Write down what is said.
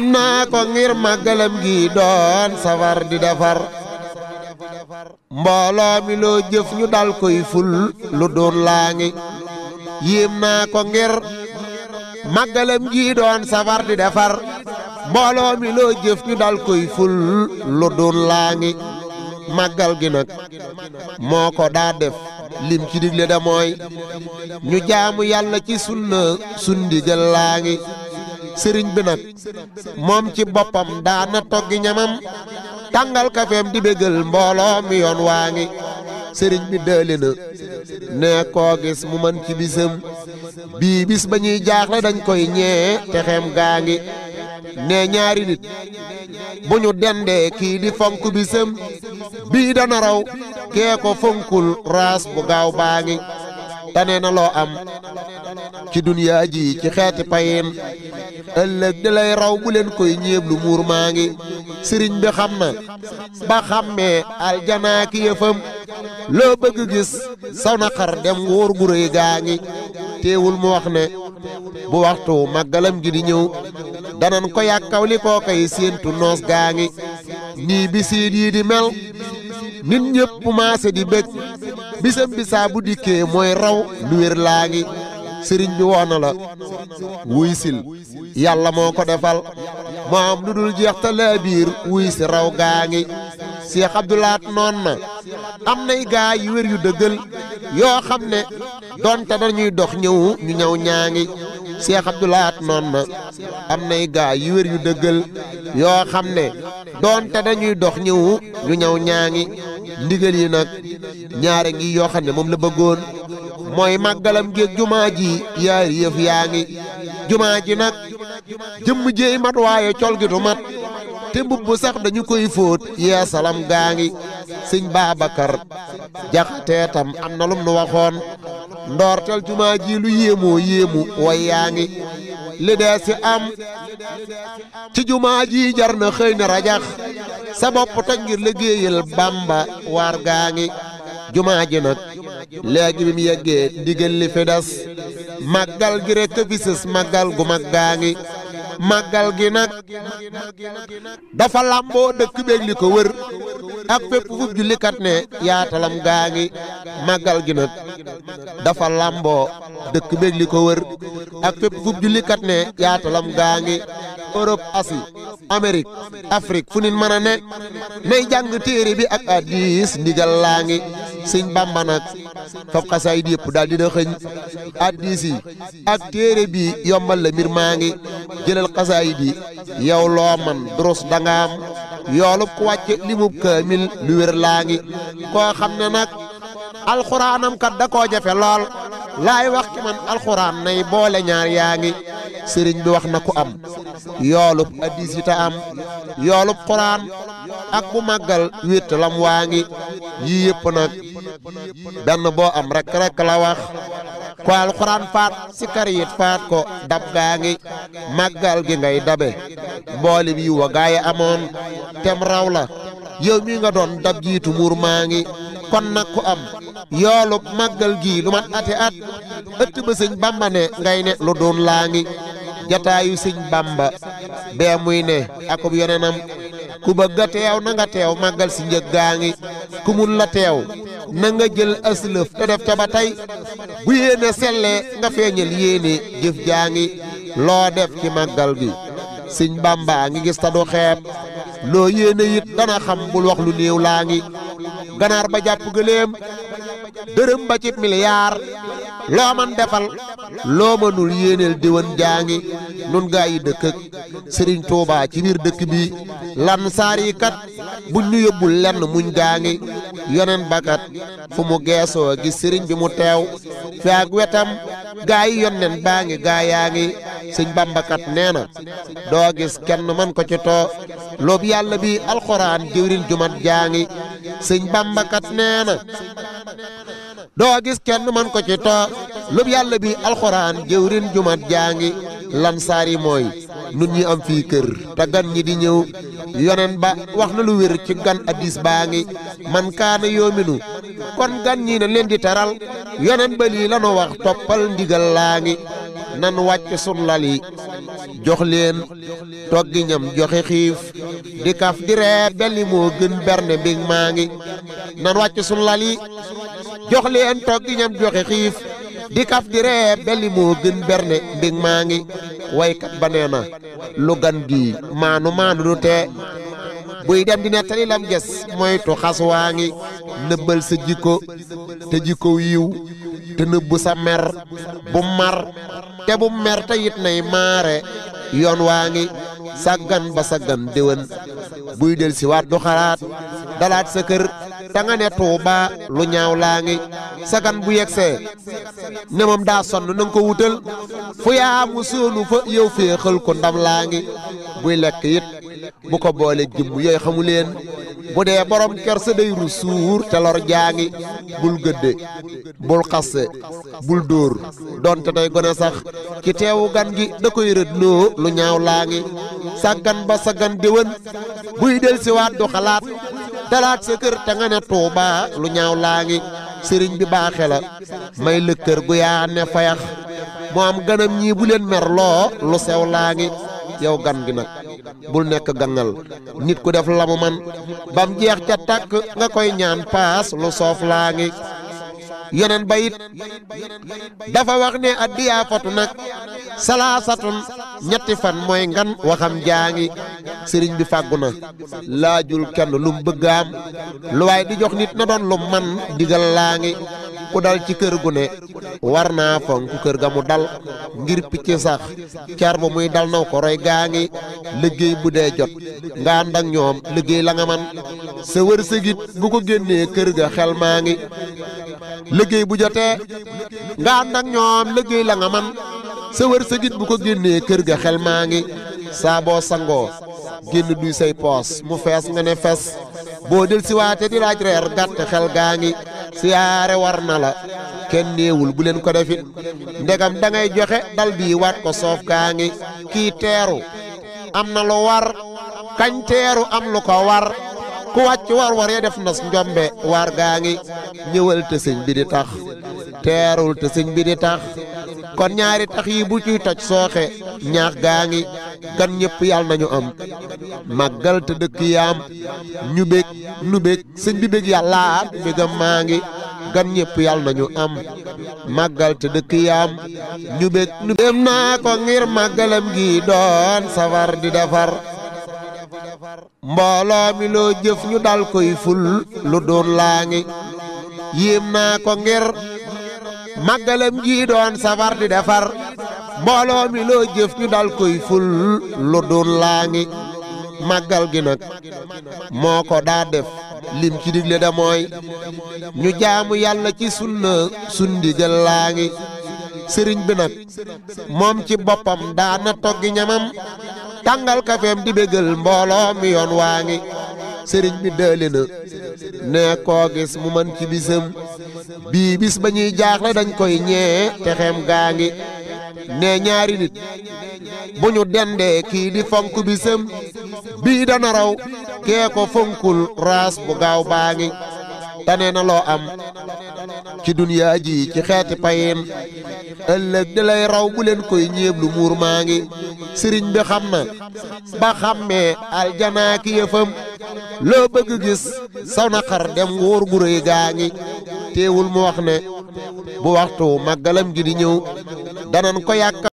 ngir màggalam gi doon safar di defar mbooloo mi loo jëf ñu dal koy ful lu doon laa ngi yéem ko ngir gi doon safar di defar mbooloo mi loo jëf ñu dal nag moo ko daa def lim ci digle da ñu jaamu yàlla ci sunna sundigal laa ngi sëriñ bi nag moom ci boppam daana toggi ñamam tàngal kafeem di bégal mbooloo mi yoon waa ngi sëriñ bi dëli na nee koo gis mu mën ci bisam bii bis ba ñuy jaaxle dañ koy ñee texeem gaa ngi nee ñaari nit bu ñu dendee kii di fonk bisam bii dana raw kee ko fonkul raas bu gaaw baa ngi tane na loo am ci dunyaa ji ci xeeti payin ëllëg di lay raw bu leen koy ñeeblu muur maa ngi sëriñ bi xam na ba xàmmee aljanaa ki yëfam loo bëgg gis saw na xar dem wóor gu gaa ngi teewul mu wax ne bu waxtu màggalam gi di ñëw danan ko yàkkaw li kay séentu noos gaa ngi nii bisiit yii di mel nit ñëpp maase di bëgg bisam bisaa bu dikkee mooy raw lu wér laa ngi sëriñ bi woo na la wuy sil yàlla moo ko defal moo am lu dul jeex ta laa biir wuy si raw gaa ngi Cheikh Abdoulaat noon na am nay gaa yu wér yu dëggal yoo xam ne donte dañuy dox ñëwu ñu ñëw ñaa ngi Cheikh Abdoulaat noon na am nay gaa yu wér yu dëggal yoo xam ne donte dañuy dox ñëwu ñu ñëw ñaa ngi ndigal yi nag ñaare ngi yoo xam ne moom la bëggoon mooy màggalam géeg jumaa ji yaari yëf yaa nag jëmm jéey mat waaye col gi du mat te mbubb sax dañu koy fóot yeesalam gaa ngi sëñ Babacar am na lum nu waxoon ndoortel jumaa lu yéemoo yéemu way yaa ngi li am ci jumaa ji jar na xëy na rajax sa bopp toj ngir Bamba waar gaa ngi jumaa ji nag léegi bi mu yeggee ndigal li fi des màggal gi rekk fi sës màggal gu mag gaa ngi màggal gi nag dafa làmboo dëkk beeg li ko wër ak fépp fu jullikat ne yaatalam gaa ngi màggal gi nag dafa làmboo dëkk beeg li ko wër ak fépp fu jullikat ne yaatalam gaa ngi Europe Asi Amérique Afrique fu nit mën a ne nay jàng téere bi ak hadiis ndigal laa ngi Sëñ Bàmba fab xasaayid yëpp daal dina xëñ addis ak téere bi yombal la mbir maa ngi jëlal xasaayid yi yow loo man durus dangaam yoolub ku wàcce limub kaamil lu wér laa ngi koo xam ne nag alxuraanam kat da koo jafe lool laay wax ci man alxuraan nay boole ñaar yaa ngi sëriñ bi wax na ku am yoolub addis am yoolub xuraan ak bu màggal wétt waa ngi yii yëpp nag benn boo am rek rek la wax ko alxuraan faat sikar faat ko dab gaa ngi màggal gi ngay dabe mboolim yi wa gaay amoon tem raw la yow mi nga doon dab jiitu muur maa ngi kon nag ku am yoolub màggal gii lu mat ati at ëtt ba sëñ bamba ne ngay ne lu doon laa ngi jataayu sëñ bamba bee muy ne akub yonenam ku bëgg teew na nga teew màggal si njëg gaa ngi ku la teew na nga jël aslëf te def ca ba tey bu yéene sellee nga feeñal yéene jëf jaa ngi loo def ci màggal gi sëñ Bàmba ngi gis ta du xeeb loo yéene it dana xam bul wax lu néew laa ngi ganaar ba jàpp gëléem dërëm ba ci miliyaar loo man defal loo mënul yéeneel diwan jaa ngi nun gaa yi dëkk ak Tuubaa ci biir dëkk bi lan saar buñ ñu yóbbul lenn muñ gaa ngi yonen bakat fu mu geesoo gis sëriñ bi mu teew fi ak wetam gaa yi baa ngi gaa yaa ngi sëñ bambakat nee na doo gis kenn man ko ci too loobu yàlla bi alxuraan jëwrin jumat jaa ngi sëñ bambakat nee na doo gis kenn man ko ci too loobu yàlla bi alxuraan jëwrin jumat jaa ngi lansaar yi mooy nun ñi am fii kër te gan ñi di ñëw yonen ba wax na lu wér ci gan addis baa ngi man kaana yoominu kon gan yi na leen di teral yonen ba lii lanu wax toppal ndigal laa ngi nan wàcc sun lal yi jox leen toggi ñam joxe xiif di kaf di ree belli moo gën berne mbing maa ngi nan wàcc sun lal yi jox leen toggi ñam joxe xiif di kaf di ree beli moo gën berne mbég maa ngi waykat ba nee na lu gan gi maanu maanu du tee buy dem di nettali lam ges moytu xas waa ngi nëbbal sa jikko te jikko yiw te nëbbu sa mer bu mar te bu mer te it nay maare yoon waa ngi saggan ba saggan déwén buy del si waat xalaat dalaat sa kër ta nga ne tuuba lu ñaaw laa ngi sagan bu yegsee ne daa sonn na ko wutal fu yaa mu soonu fa yow féexal ko ndam laa ngi buy lekk it bu ko boole jëmm yooyu xamu leen bu dee borom kersa day ru suur te lor jaa ngi bul gëdde bul xasse bul dóor donte day gone sax ki teewu gan gi da koy rëddloo lu ñaaw laa ngi sàggan ba sàggan déwén buy del siwaat du xalaat dalaat sa kër te nga ne tuubaa lu ñaaw laa ngi sëriñ bi baaxe la may lëkkër gu yaa ne fayax mu am ganam ñii bu leen mer loo lu sew laa ngi yow gan gi nag bul nekk gangal nit ku def la mu man bam jeex ca tàkk nga koy ñaan paas lu soof laa ngi yonen ba it dafa wax ne addiyaa fatu nag salaasatun ñetti fan mooy ngan waxam jaa ngi sëriñ bi fàggu na laajul kenn lum bëgg lu waaye di jox nit na doon lu man digal laa ngi ku dal ci kër gu ne war naa fonk kër ga mu dal ngir picc sax car ba muy dal naw ko roy gaa ngi liggéey bu dee jot nga ànd ak ñoom liggéey la nga man sa wërsëgit bu ko génnee kër ga xel maa ngi liggéey bu jotee nga ànd ak ñoom liggéey la nga man sa wërsëgit bu ko génnee kër ga xel maa ngi saa sangoo génn duy say poos mu fees nga ne fes boo del si waate di laaj reer gàtt xel gaa ngi siyaare war na la kenn néewul bu leen ko defit ndegam da ngay joxe dal bii waat ko soof gaa ngi kii teeru am na lu war kañ teeru am lu ko war ku wàcc war waree def nas njombe war gaa ngi ñëwal te bi di tax teerul te bi di tax kon ñaari tax yi bu ciy toj sooxe ñaax gaa ngi gan ñëpp yàlla nañu am màggal te dëkk ñu bég nu bég sëñ bi bég yàllaat bégam maa ngi gan ñëpp yàlla nañu am màggal te dëkk yaam ñu bég nu dem naa ko ngir màggalam gi doon safar di defar mbooloo loo jëf ñu dal koy ful lu doon laa ngi yéem naa ko ngir màggalam gi doon safar di defar mbooloo mi loo jëf ñu dal koy ful lu laa ngi màggal gi nag moo ko daa def lim ci digle da mooy ñu jaamu yàlla ci sunna sun digal laa ngi sëriñ bi nag moom ci boppam daana toggi ñamam tàngal kafeem di bégal mbooloo mi yoon waa ngi sëriñ bi dëli na ne koo gis mu mën ci bisam bii bis ba ñuy jaaxle dañ koy ñee te gaa ngi nee ñaari nit bu ñu dendee kii di fonk bisam bii dana raw kee ko fonkul raas bu gaaw baa ngi tane na loo am ci duniyaa ji ci xeeti payin ëllëg di lay raw bu leen koy ñeeblu muur maa ngi sëriñ bi xam na ba xàmmee aljanaa ki yëfam loo bëgg gis sa naqar dem wóor gu gaa ngi teewul mu wax ne bu waxtu màggalam gi di ñëw danan ko yàkk